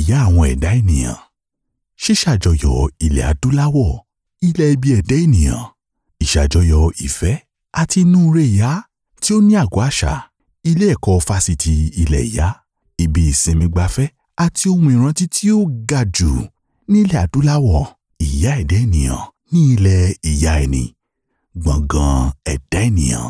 ìyá àwọn ẹ̀dá ènìyàn ṣíṣàjọyọ̀ ilẹ̀ adúláwọ̀ ilẹ̀ ibi ẹ̀dá ènìyàn ìṣàjọyọ̀ ìfẹ́ àti inúure ìyá tí ó ní àgọ́ àṣà ilé ẹ̀kọ́ fásitì ilẹ̀ ìyá ibi ìsinmi gbafẹ́ àti ohun ìrántí tí ó ga jù nílẹ̀ adúláwọ̀ ìyá ẹ̀dá ènìyàn ní ilẹ̀ ìyá ẹni gbọ̀ngàn ẹ̀dá ènìyàn.